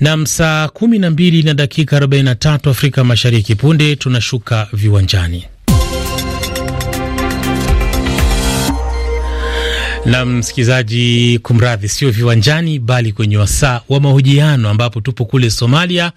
Nam, saa 12 na dakika 43 Afrika Mashariki. Punde tunashuka viwanjani. na msikilizaji, kumradhi, sio viwanjani bali kwenye wasaa wa mahojiano, ambapo tupo kule Somalia.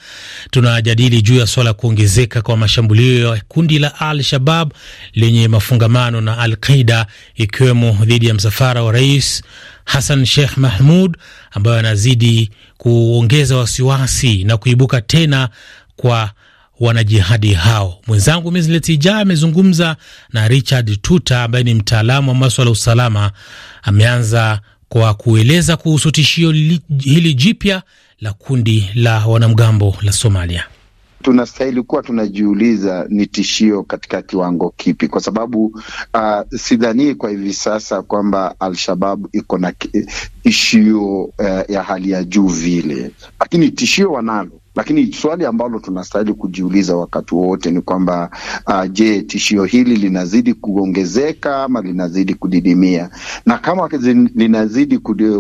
Tunajadili juu ya swala kuongezeka kwa mashambulio ya kundi la Al Shabab lenye mafungamano na Al Qaida, ikiwemo dhidi ya msafara wa Rais Hassan Sheikh Mahmud ambayo anazidi kuongeza wasiwasi na kuibuka tena kwa wanajihadi hao. Mwenzangu Mislet Ija amezungumza na Richard Tuta ambaye ni mtaalamu wa maswala ya usalama. Ameanza kwa kueleza kuhusu tishio hili jipya la kundi la wanamgambo la Somalia tunastahili kuwa tunajiuliza ni tishio katika kiwango kipi, kwa sababu uh, ah, sidhanii kwa hivi sasa kwamba Alshabab iko na tishio uh, ya hali ya juu vile, lakini tishio wanalo lakini swali ambalo tunastahili kujiuliza wakati wote ni kwamba uh, je, tishio hili linazidi kuongezeka ama linazidi kudidimia? Na kama linazidi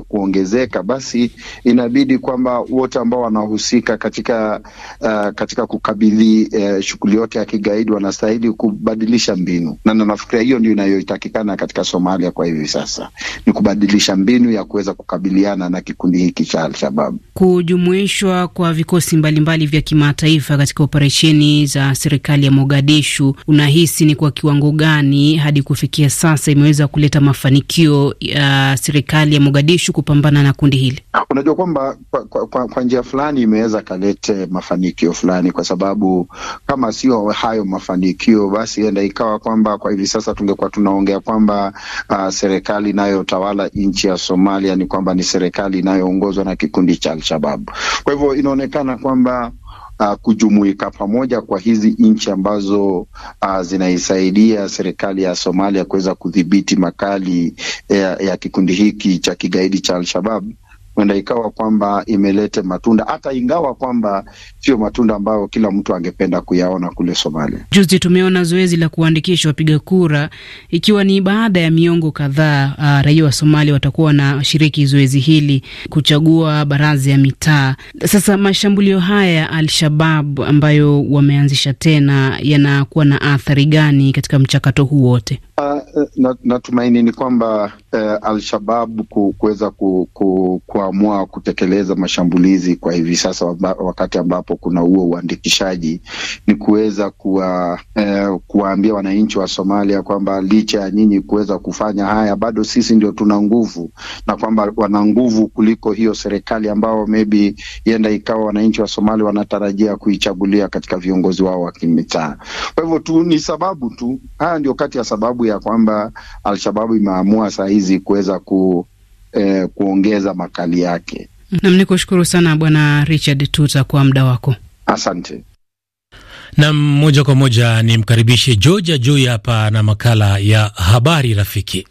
kuongezeka, basi inabidi kwamba wote ambao wanahusika katika uh, katika kukabili uh, shughuli yote ya kigaidi wanastahili kubadilisha mbinu, na nafikiria hiyo ndio inayotakikana katika Somalia kwa hivi sasa, ni kubadilisha mbinu ya kuweza kukabiliana na kikundi hiki cha Alshabab. Kujumuishwa kwa vikosi mbalimbali mbali vya kimataifa katika operesheni za serikali ya Mogadishu, unahisi ni kwa kiwango gani hadi kufikia sasa imeweza kuleta mafanikio ya serikali ya Mogadishu kupambana na kundi hili? Unajua kwamba kwa, kwa, kwa, kwa njia fulani imeweza kalete mafanikio fulani, kwa sababu kama sio hayo mafanikio, basi enda ikawa kwamba kwa hivi sasa tungekuwa tunaongea kwamba uh, serikali inayotawala nchi ya Somalia ni kwamba ni serikali inayoongozwa na kikundi cha Alshabab. Kwa hivyo inaonekana kwa kwamba Uh, kujumuika pamoja kwa hizi nchi ambazo uh, zinaisaidia serikali ya Somalia kuweza kudhibiti makali ya, eh, ya kikundi hiki cha kigaidi cha Al-Shabaab huenda ikawa kwamba imelete matunda hata ingawa kwamba sio matunda ambayo kila mtu angependa kuyaona kule Somalia. Juzi tumeona zoezi la kuandikisha wapiga kura, ikiwa ni baada ya miongo kadhaa. Uh, raia wa Somalia watakuwa wanashiriki zoezi hili kuchagua baraza ya mitaa. Sasa mashambulio haya ya alshabab ambayo wameanzisha tena yanakuwa na athari gani katika mchakato huu wote? Uh, natumaini na ni kwamba Eh, alshabab Alshababu kuweza ku, ku, kuamua kutekeleza mashambulizi kwa hivi sasa, wakati ambapo kuna huo uandikishaji, ni kuweza kuwa, uh, kuwaambia wananchi wa Somalia kwamba licha ya nyinyi kuweza kufanya haya, bado sisi ndio tuna nguvu, na kwamba wana nguvu kuliko hiyo serikali ambao maybe yenda ikawa wananchi wa Somalia wanatarajia kuichagulia katika viongozi wao wa kimitaa. Kwa hivyo tu ni sababu tu, haya ndio kati ya sababu ya kwamba Alshababu imeamua sahizi hizi kuweza ku, eh, kuongeza makali yake. Nam ni kushukuru sana Bwana Richard Tuta kwa muda wako, asante. Nam moja kwa moja ni mkaribishe Georgia Jui hapa na makala ya habari rafiki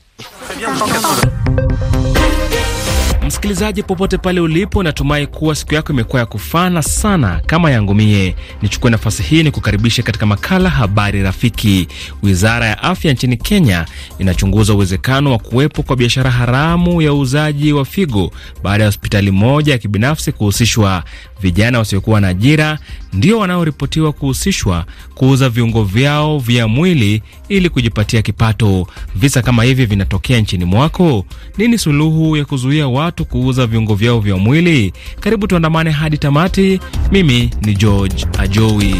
Msikilizaji popote pale ulipo, natumai kuwa siku yako imekuwa ya kufana sana kama yangu mie. Nichukue nafasi hii ni kukaribisha katika makala Habari Rafiki. Wizara ya Afya nchini Kenya inachunguza uwezekano wa kuwepo kwa biashara haramu ya uuzaji wa figo baada ya hospitali moja ya kibinafsi kuhusishwa. Vijana wasiokuwa na ajira ndio wanaoripotiwa kuhusishwa kuuza viungo vyao vya mwili ili kujipatia kipato. Visa kama hivi vinatokea nchini mwako. Nini suluhu ya kuzuia watu kuuza viungo vyao vya mwili? Karibu tuandamane hadi tamati. Mimi ni George Ajowi.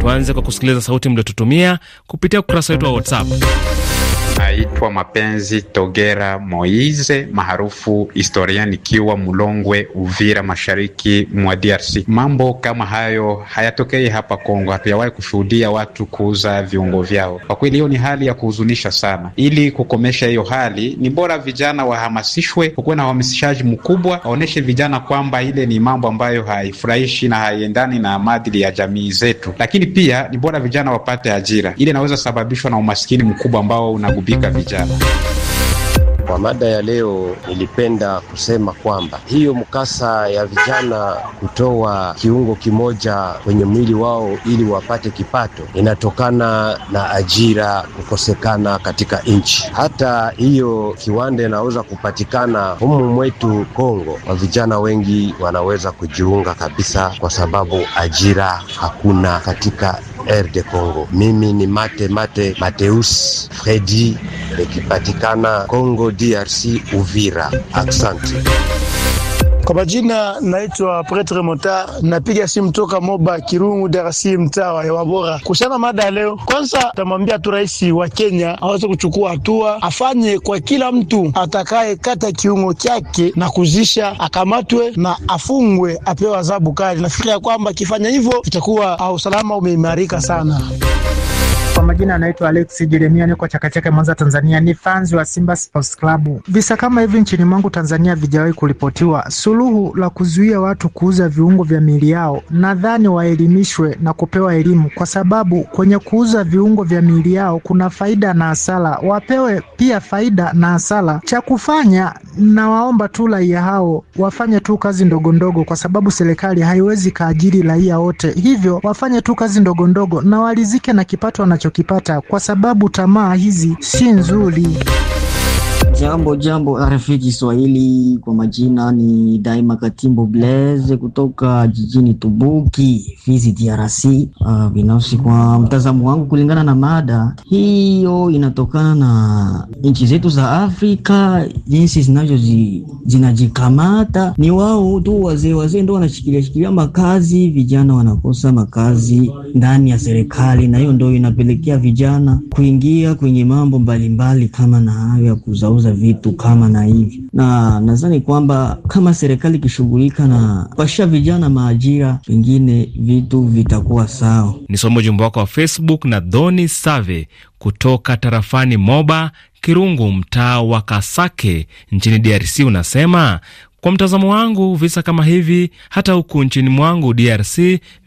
Tuanze kwa kusikiliza sauti mliotutumia kupitia ukurasa wetu wa WhatsApp. Naitwa Mapenzi Togera Moise maarufu historia, nikiwa Mulongwe, Uvira, mashariki mwa DRC. Mambo kama hayo hayatokei hapa Kongo, hatujawahi kushuhudia watu kuuza viungo vyao. Kwa kweli, hiyo ni hali ya kuhuzunisha sana. Ili kukomesha hiyo hali, ni bora vijana wahamasishwe, kukuwe na uhamasishaji mkubwa, waonyeshe vijana kwamba ile ni mambo ambayo haifurahishi na haiendani na maadili ya jamii zetu, lakini pia ni bora vijana wapate ajira. Ile inaweza sababishwa na umaskini mkubwa ambao una kuwatupika vijana. Kwa mada ya leo nilipenda kusema kwamba hiyo mkasa ya vijana kutoa kiungo kimoja kwenye mwili wao ili wapate kipato inatokana na ajira kukosekana katika nchi. Hata hiyo kiwanda inaweza kupatikana humu mwetu Kongo, wa vijana wengi wanaweza kujiunga kabisa, kwa sababu ajira hakuna katika RD Congo. Mimi ni Mate Mate Mateus Fredi, nikipatikana Congo DRC, Uvira. Aksanti. Kwa majina naitwa Pretre Motar, napiga simu toka Moba Kirungu, DRC, mtaa wa hewa bora. Kuhusiana mada ya leo, kwanza tamwambia tu rais wa Kenya aweze kuchukua hatua, afanye kwa kila mtu atakaye kata kiungo chake na kuzisha, akamatwe na afungwe, apewe adhabu kali. Nafikiri ya kwamba akifanya hivyo itakuwa usalama umeimarika sana majina anaitwa Alex Jeremia, niko Chakechake, Mwanza, Tanzania. Ni fans wa Simba Sports Club. Visa kama hivi nchini mwangu Tanzania vijawahi kuripotiwa. Suluhu la kuzuia watu kuuza viungo vya miili yao, nadhani waelimishwe na kupewa elimu, kwa sababu kwenye kuuza viungo vya miili yao kuna faida na hasara, wapewe pia faida na hasara. Cha kufanya, nawaomba tu raia hao wafanye tu kazi ndogondogo, kwa sababu serikali haiwezi kaajiri raia wote, hivyo wafanye tu kazi ndogondogo na walizike na kipato wanacho wakipata, kwa sababu tamaa hizi si nzuri. Jambo jambo RFI Kiswahili, kwa majina ni Daima Katimbo Blaise kutoka jijini Tubuki, Fizi, DRC. Uh, ah, binafsi kwa mtazamo wangu, kulingana na mada hiyo, inatokana na nchi zetu za Afrika jinsi zinazo zinajikamata. Ni wao tu wazee wazee ndo wanashikilia shikilia makazi, vijana wanakosa makazi ndani ya serikali, na hiyo ndo inapelekea vijana kuingia kwenye mambo mbalimbali mbali, kama na hayo ya kuzaa wanauza vitu kama na hivi, na nadhani kwamba kama serikali ikishughulika na pasha vijana maajira, pengine vitu vitakuwa sawa. Ni somo jumba wako wa Facebook na Dhoni Save kutoka tarafani Moba Kirungu, mtaa wa Kasake nchini DRC, unasema kwa mtazamo wangu, visa kama hivi hata huku nchini mwangu DRC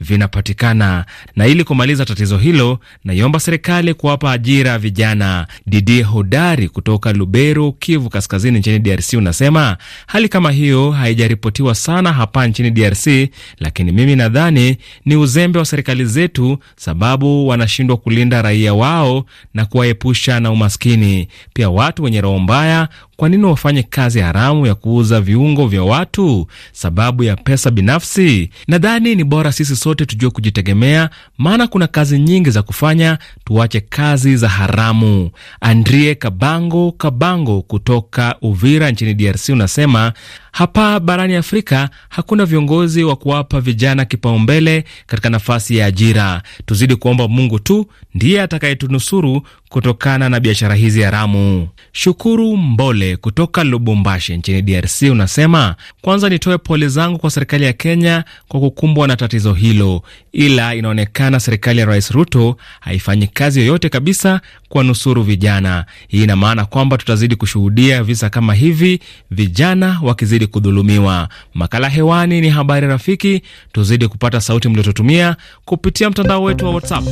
vinapatikana, na ili kumaliza tatizo hilo, naiomba serikali kuwapa ajira vijana. Didi Hodari kutoka Lubero, Kivu Kaskazini nchini DRC unasema hali kama hiyo haijaripotiwa sana hapa nchini DRC, lakini mimi nadhani ni uzembe wa serikali zetu, sababu wanashindwa kulinda raia wao na kuwaepusha na umaskini. Pia watu wenye roho mbaya kwa nini wafanye kazi haramu ya kuuza viungo vya watu sababu ya pesa binafsi? Nadhani ni bora sisi sote tujue kujitegemea, maana kuna kazi nyingi za kufanya. Tuache kazi za haramu. Andrie Kabango Kabango kutoka Uvira nchini DRC unasema hapa barani Afrika hakuna viongozi wa kuwapa vijana kipaumbele katika nafasi ya ajira. Tuzidi kuomba Mungu tu ndiye atakayetunusuru kutokana na biashara hizi haramu. Shukuru Mbole kutoka Lubumbashi nchini DRC unasema, kwanza nitoe pole zangu kwa serikali ya Kenya kwa kukumbwa na tatizo hilo, ila inaonekana serikali ya Rais Ruto haifanyi kazi yoyote kabisa kuwanusuru vijana. Hii ina maana kwamba tutazidi kushuhudia visa kama hivi, vijana wakizidi tuzidi kudhulumiwa. Makala hewani ni habari rafiki, tuzidi kupata sauti mliotutumia kupitia mtandao wetu wa WhatsApp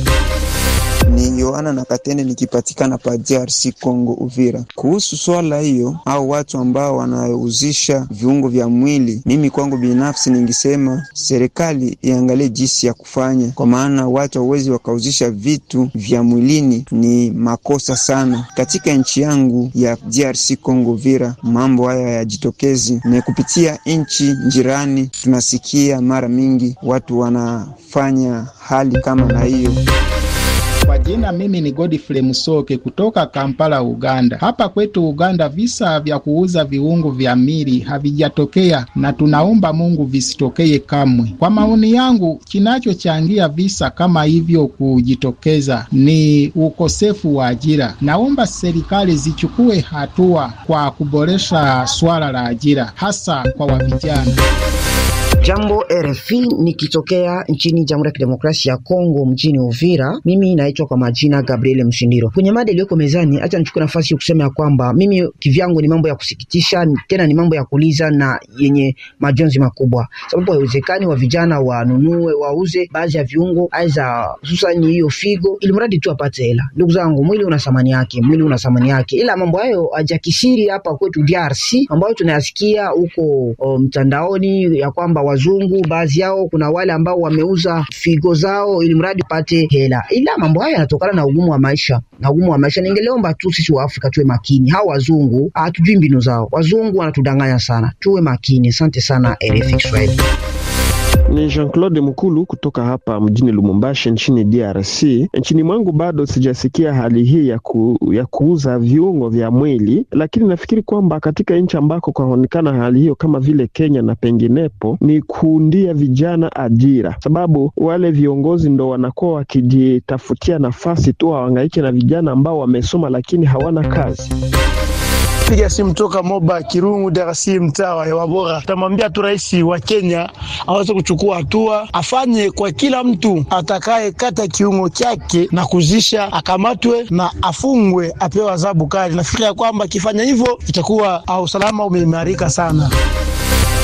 ni Yohana na Katende nikipatikana pa DRC Congo Uvira. Kuhusu swala hiyo au watu ambao wanauzisha viungo vya mwili, mimi kwangu binafsi ningisema serikali iangalie jinsi ya kufanya, kwa maana watu hawezi wakauzisha vitu vya mwilini, ni makosa sana. Katika nchi yangu ya DRC Congo Uvira mambo haya yajitokezi, na kupitia nchi jirani tunasikia mara mingi watu wanafanya hali kama na hiyo. Kwa jina mimi ni Godfrey Musoke kutoka Kampala, Uganda. Hapa kwetu Uganda visa vya kuuza viungo vya mili havijatokea na tunaomba Mungu visitokee kamwe. Kwa maoni yangu, kinachochangia visa kama hivyo kujitokeza ni ukosefu wa ajira. Naomba serikali zichukue hatua kwa kuboresha swala la ajira hasa kwa wavijana. Jambo RFI, nikitokea nchini Jamhuri ya Kidemokrasia ya Kongo mjini Uvira. Mimi naitwa kwa majina Gabriel Mshindiro. Kwenye mada iliyoko mezani, acha nichukue nafasi kusema ya kwamba mimi kivyangu ni mambo ya kusikitisha, tena ni mambo ya kuliza na yenye majonzi makubwa, sababu haiwezekani wa vijana wanunue wauze baadhi ya viungo aiza, hususan hiyo figo, ili mradi tu apate hela. Ndugu zangu, mwili una thamani yake, mwili una thamani yake, ila mambo hayo hajakisiri hapa kwetu DRC, ambayo tunayasikia huko oh, mtandaoni ya kwamba wazungu, baadhi yao kuna wale ambao wameuza figo zao ili mradi pate hela, ila mambo haya yanatokana na ugumu wa maisha na ugumu wa maisha. Ningeleomba tu sisi wa Afrika tuwe makini, hao wazungu hatujui mbinu zao, wazungu wanatudanganya sana, tuwe makini. Asante sana RFI Kiswahili. Ni Jean-Claude Mkulu kutoka hapa mjini Lumumbashi nchini DRC. Nchini mwangu bado sijasikia hali hii ya, ku, ya kuuza viungo vya mwili, lakini nafikiri kwamba katika nchi ambako kwaonekana hali hiyo kama vile Kenya na penginepo ni kuundia vijana ajira, sababu wale viongozi ndo wanakuwa wakijitafutia nafasi tu, wawangaike na vijana ambao wamesoma lakini hawana kazi. Napiga simu toka Moba Kirungu, DRC, mtaa wa hewa bora. Tutamwambia tu rais wa Kenya aweze kuchukua hatua, afanye kwa kila mtu atakayekata kiungo chake na kuzisha, akamatwe na afungwe, apewe adhabu kali. Nafikiria ya kwamba akifanya hivyo itakuwa ah, usalama umeimarika sana.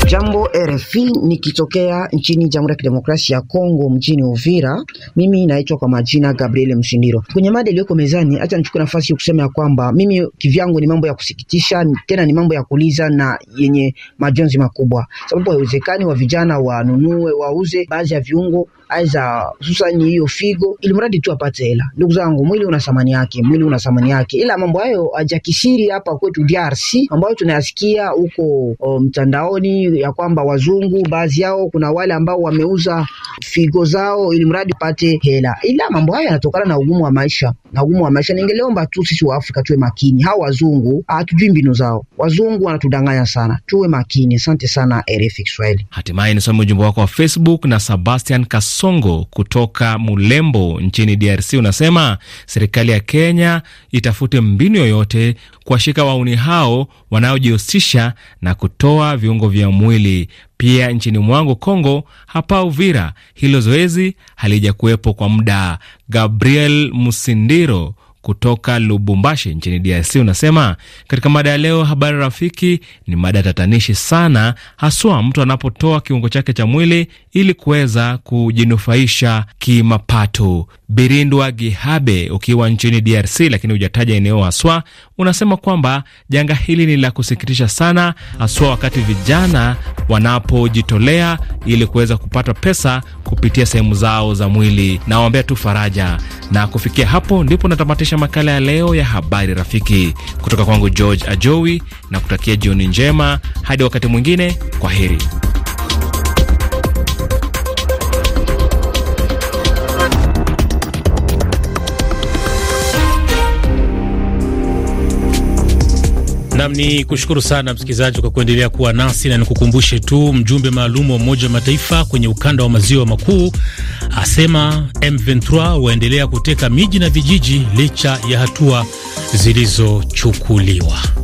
Jambo RFI, nikitokea nchini Jamhuri ya Kidemokrasia ya Kongo mjini Uvira. Mimi naitwa kwa majina Gabriel Mshindiro. Kwenye mada iliyoko mezani, acha nichukue nafasi ya kusema ya kwamba mimi kivyangu ni mambo ya kusikitisha, tena ni mambo ya kuliza na yenye majonzi makubwa, sababu haiwezekani wa vijana wanunue wauze baadhi ya viungo susa hususani hiyo figo, ili mradi tu apate hela. Ndugu zangu, mwili una thamani yake, mwili una thamani yake, ila mambo hayo ajakisiri hapa kwetu DRC, ambayo tunayasikia huko mtandaoni ya kwamba wazungu baadhi yao kuna wale ambao wameuza figo zao ili mradi pate hela, ila mambo hayo yanatokana na ugumu wa maisha na ugumu wa maisha. ningeleomba tu sisi wa Afrika tuwe makini, hao wazungu hatujui mbinu zao, wazungu wanatudanganya sana, tuwe makini. Asante sana RFI Kiswahili. Hatimaye nisome ujumbe wako wa Facebook na Sebastian Kaso Songo kutoka Mulembo nchini DRC unasema serikali ya Kenya itafute mbinu yoyote kuwashika wauni hao wanaojihusisha na kutoa viungo vya mwili. Pia nchini mwangu Kongo, hapa Uvira, hilo zoezi halijakuwepo kwa muda. Gabriel Musindiro kutoka Lubumbashi nchini DRC unasema katika mada ya leo, habari rafiki, ni mada tatanishi sana, haswa mtu anapotoa kiungo chake cha mwili ili kuweza kujinufaisha kimapato. Birindwa Gihabe, ukiwa nchini DRC lakini hujataja eneo haswa, unasema kwamba janga hili ni la kusikitisha sana, haswa wakati vijana wanapojitolea ili kuweza kupata pesa kupitia sehemu zao za mwili. Nawaombea tu faraja, na kufikia hapo ndipo natamatisha makala ya leo ya habari rafiki, kutoka kwangu George Ajowi, na kutakia jioni njema hadi wakati mwingine, kwa heri. Nam ni kushukuru sana msikilizaji kwa kuendelea kuwa nasi, na nikukumbushe tu mjumbe maalum wa Umoja wa Mataifa kwenye ukanda wa maziwa makuu asema M23 waendelea kuteka miji na vijiji licha ya hatua zilizochukuliwa.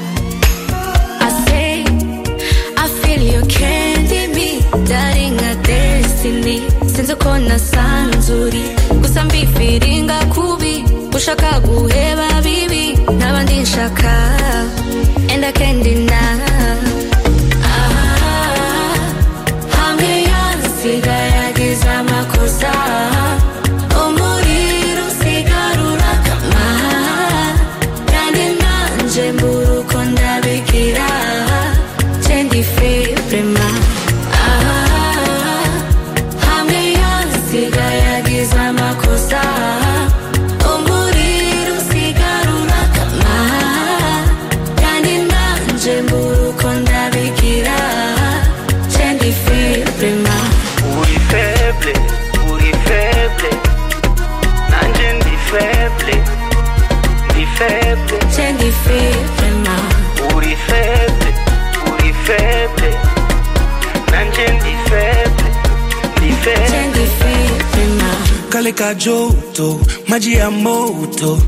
your candy midari sinzi uko nasanzuri gusa mbifiringa ushaka guheba bibi n'abandi nshaka mpaka joto, maji ya moto,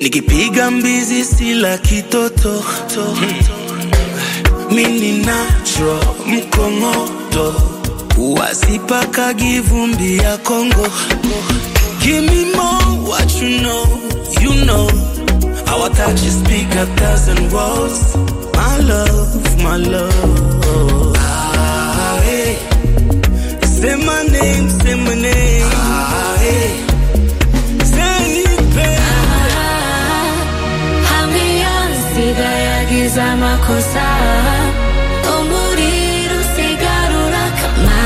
nikipiga mbizi sila kitoto hmm. mini nacho mkongoto, wasipaka givumbi ya Kongo. Give me more what you know, you know. how I Our touches speak a thousand words. My love, my love. Ah, hey. Say my name, say my scusa ma cosa Oh moriru sigarura kama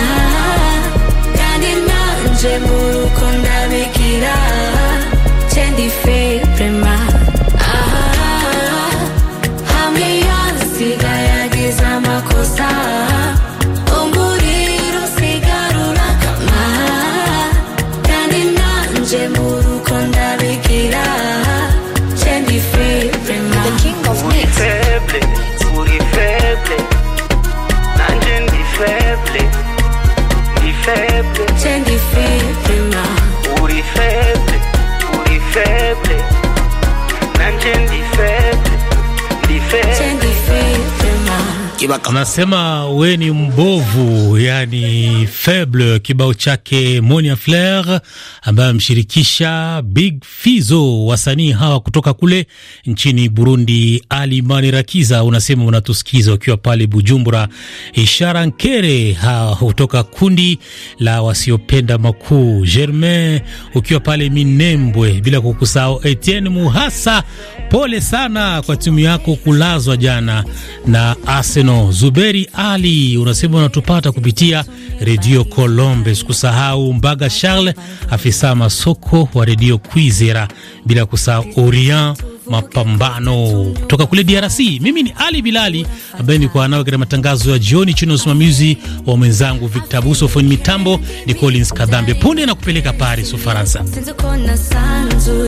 Anasema we ni mbovu, yani faible. Kibao chake Monia Flair ambaye amshirikisha Big Fizo, wasanii hawa kutoka kule nchini Burundi. Ali Mani Rakiza unasema unatusikiza ukiwa pale Bujumbura. Ishara Nkere kutoka kundi la wasiopenda makuu. Germain ukiwa pale Minembwe, bila kukusahau Etienne Muhasa, pole sana kwa timu yako kulazwa jana na Arsenal. Zuberi Ali unasema unatupata kupitia redio Colombe. Sikusahau Mbaga Charles, afisa masoko wa redio Kwizera, bila kusahau orian mapambano kutoka kule DRC. Mimi ni Ali Bilali ambaye nilikuwa nawe katika matangazo ya jioni chini ya usimamizi wa mwenzangu Victor Buso, foni mitambo ni Collins Kadhambe. Punde na kupeleka Paris, Ufaransa.